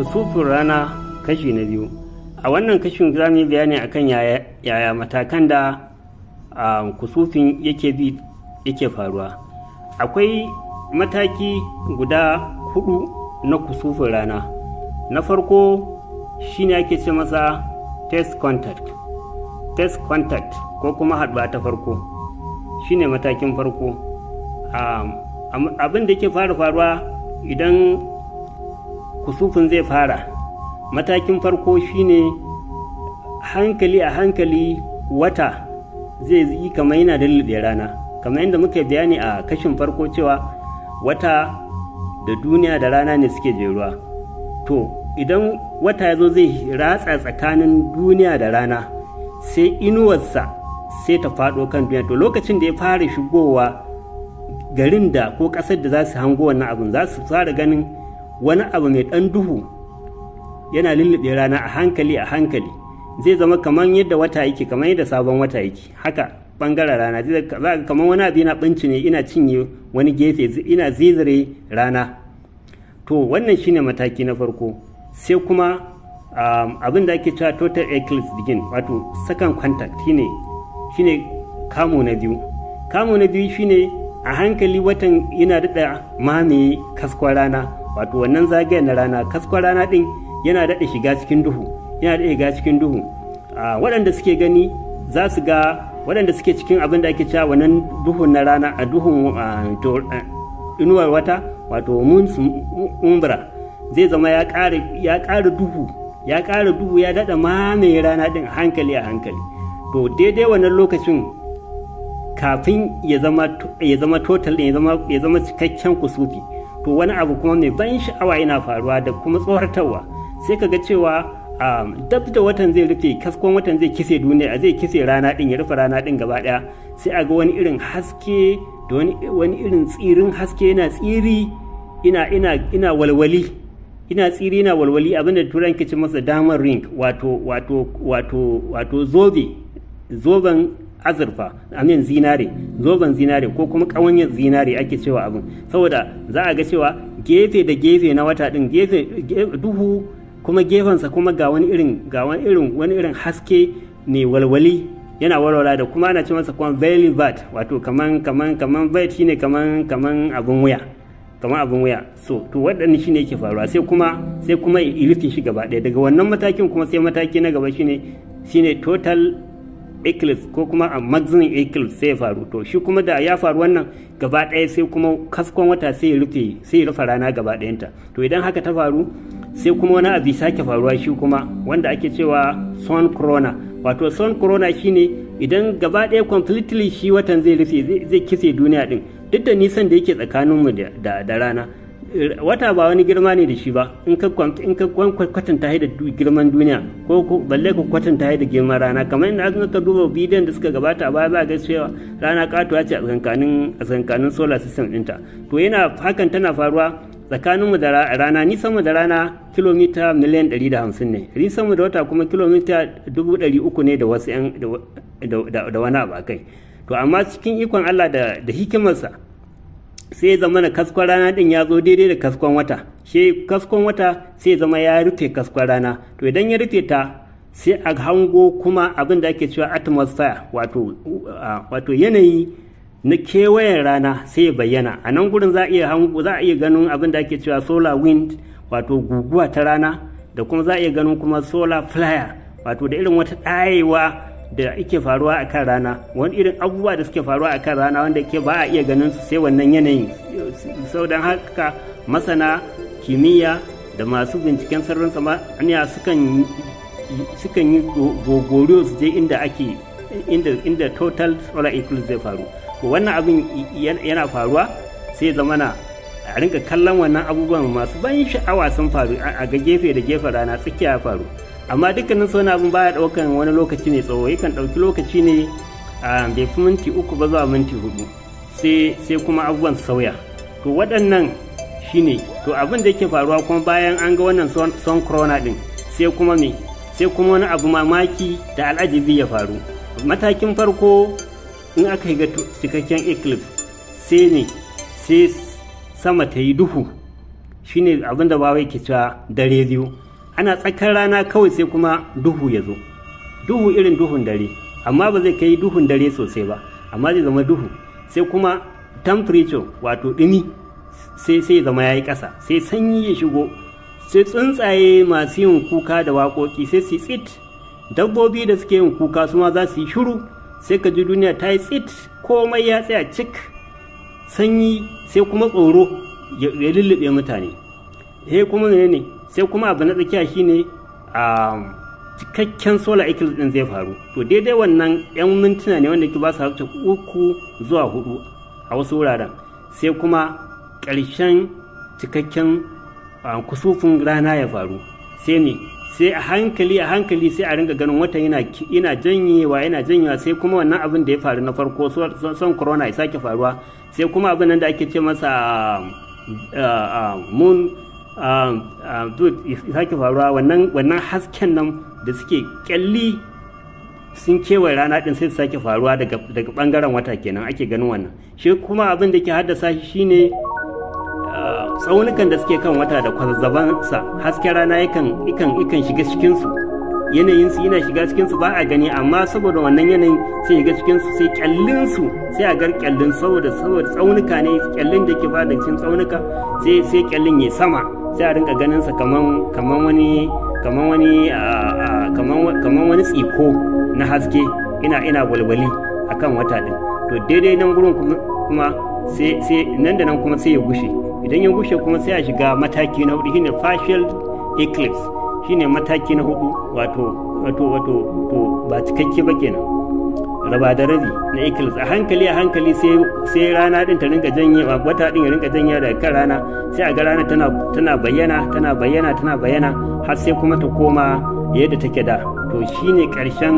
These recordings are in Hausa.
kusufin rana kashi na biyu a wannan kashin za mu yi bayani akan yaya matakan da kusufin yake yake faruwa akwai mataki guda hudu na kusufin rana na farko shine ake ce masa test contact test contact ko kuma haɗuwa ta farko shine matakin farko abin da ke fara faruwa idan kusufin zai fara matakin farko shine hankali a hankali wata zai yi kamar yana dalilin rana kamar yadda muka bayani a kashin farko cewa wata da duniya da rana ne suke jeruwa to idan wata ya zo zai ratsa tsakanin duniya da rana sai inuwarsa sai ta faɗo kan duniya to lokacin da ya fara shigowa garin da ko ƙasar da za su hango wannan abin za su fara ganin wani abu mai ɗan duhu yana lullube rana a hankali a hankali zai zama kamar yadda wata yake kamar yadda sabon wata yake haka bangaren rana za ka kamar wani abu yana ɓanci ne ina cinye wani gefe ina zizire rana to wannan shine mataki na farko sai kuma um, abin da ake cewa total eclipse begin wato second contact shine shine kamo na biyu kamo na biyu shine a hankali watan yana daɗa mamaye kaskon rana wato wannan zagayen na rana kaskon rana din yana daɗe shiga cikin duhu yana daɗe shiga cikin duhu waɗanda suke gani za su ga waɗanda suke cikin abin da ake cewa wannan duhun na rana a duhun inuwar wata wato umbra zai zama ya ƙara duhu ya ƙara duhu ya daɗa mamaye rana ɗin hankali a hankali to daidai wannan lokacin kafin ya zama total ya zama cikakken kusufi to wani abu kuma mai ban sha'awa yana faruwa da kuma tsoratarwa sai ka ga cewa um, dab da watan zai rufe kaskon watan zai kise duniya zai kise rana din ya rufe rana din gaba daya sai a ga wani irin haske da wani irin tsirin haske yana tsiri ina walwali ina tsiri ina walwali abinda turan ke ce masa damar ring wato wato zobe zoben azurfa amin zinare zoben zinare ko kuma ƙawanyar zinare ake cewa abin saboda za a ga cewa gefe da gefe na wata ɗin gefe duhu kuma gefensa kuma ga wani irin ga wani irin wani irin haske ne walwali yana walwala da kuma ana ce masa kuma bat wato kaman kaman kaman vet shine kaman kaman abin wuya kaman abin wuya so to waɗannan shine yake faruwa sai kuma sai kuma ya rufe shi gaba ɗaya daga wannan matakin kuma sai mataki na gaba shine shine total eclipse ko kuma a maximum eclipse sai ya faru to shi kuma da ya faru wannan gaba ɗaya sai kuma kaskon wata sai ya rufe sai ya rufe rana gaba ɗayanta to idan haka ta faru sai kuma wani abu sake faruwa shi kuma wanda ake cewa sun corona wato sun corona shine idan gaba ɗaya completely shi watan zai rufe zai kise duniya din duk da nisan da yake tsakaninmu da rana wata ba wani girma ne da shi ba in ka kwatanta da girman duniya ko balle ka kwatanta da girman rana kamar yadda aka ka duba bidiyon da suka gabata a baya za ga cewa rana katuwa ce a tsakankanin a solar system dinta to yana hakan tana faruwa tsakaninmu da rana nisanmu da rana kilomita miliyan 150 ne nisanmu da wata kuma kilomita 300 ne da wasu da wani abu a kai to amma cikin ikon Allah da hikimarsa sai zama na kaskon rana din ya zo daidai da kaskon wata shi kaskon wata sai zama ya rufe kaskon rana to idan ya rufe ta sai a hango kuma abin da ake cewa atmosphere wato yanayi na kewayen rana sai ya bayyana a nan gurin za a iya za a iya ganin abin da ake cewa solar wind wato guguwa ta rana da kuma za a iya ganin kuma solar flyer wato da irin wata ɗayewa da ake faruwa a kan rana wani irin abubuwa da suke faruwa a kan rana wanda ke ba a iya ganin su sai wannan yanayin sau don haka masana kimiyya da masu binciken sararin samaniya sukan sukan yi gogoriyo su je inda ake inda total solar eclipse zai faru wannan abin yana faruwa sai zamana a rinka kallon wannan abubuwan masu ban sha'awa sun faru a ga gefe da gefe rana tsakiya faru amma dukkanin su abin baya daukan wani lokaci ne tsawo yakan dauki lokaci ne a bai fi minti uku ba zuwa minti hudu sai kuma abubuwan sauya to waɗannan shine to abin da yake faruwa kuma bayan an ga wannan son corona din sai kuma me sai kuma wani abu mamaki da al'ajibi ya faru matakin farko in aka yi ga cikakken eclipse sai ne sai sama ta yi duhu shine abin da bawa ke cewa dare biyu ana tsakar rana kawai sai kuma duhu ya zo duhu irin duhun dare amma ba zai kai duhun dare sosai ba amma zai zama duhu sai kuma temperature wato ɗumi sai sai zama ya yi ƙasa sai sanyi ya shigo sai tsuntsaye masu yin kuka da waƙoƙi sai su tsit dabbobi da suke yin kuka su ma za su yi shiru sai ka ji duniya ta yi tsit komai ya tsaya cik sanyi sai kuma tsoro ya lullube mutane he eh, kuma ne sai kuma abu na tsakiya shine a cikakken solar eclipse din zai faru to daidai wannan yan mintuna ne wanda ke ba su hakuta uku zuwa hudu a wasu wuraren sai kuma ƙarshen cikakken kusufin rana ya faru sai ne sai a hankali a hankali sai a ringa ganin watan yana yana janyewa yana janyewa sai kuma wannan abin da ya faru na farko son corona ya sake faruwa sai kuma abin nan da ake ce masa moon ya um, uh, sake faruwa wannan hasken nan da suke kyalli sun kewaye rana din sai su sake faruwa daga bangaren wata kenan ake ganin wannan shi kuma abin da ke haddasa shi shine uh, tsaunukan da suke kan wata da kwazazzabansa hasken rana yakan shiga cikinsu yanayinsu yana shiga cikinsu ba a gani amma saboda wannan yanayin sai shiga cikinsu sai kyallinsu sai a gar kyallin saboda saboda tsaunuka ne kyallin da ke ba da cikin tsaunuka sai sai kyallin ya sama sai a rinka ganin sa kaman kaman wani kaman wani kaman kaman wani tsiko na haske ina ina walwali akan wata din to daidai nan gurin kuma sai sai nan da nan kuma sai ya gushe idan ya gushe kuma sai a shiga mataki na hudu shine partial eclipse shine mataki na hudu wato wato wato to ba cikakke ba kenan raba da rabi na ikilis a hankali a hankali sai rana din ta rinka janye wata din ya rinka janye daga kan rana sai a ga rana tana bayyana tana bayyana tana bayyana har sai kuma ta koma yadda take da to shine karshen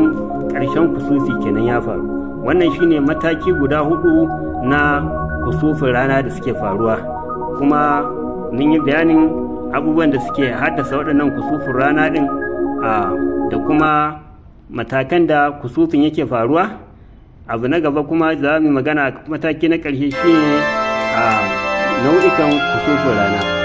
karshen kusufi kenan ya faru wannan shine mataki guda hudu na kusufin rana da suke faruwa kuma mun yi bayanin abubuwan da suke haddasa waɗannan kusufin rana din da kuma matakan da kusufin yake faruwa abu na gaba kuma za mu magana mataki na ƙarshe shine a ah, nau'ikan kusufin rana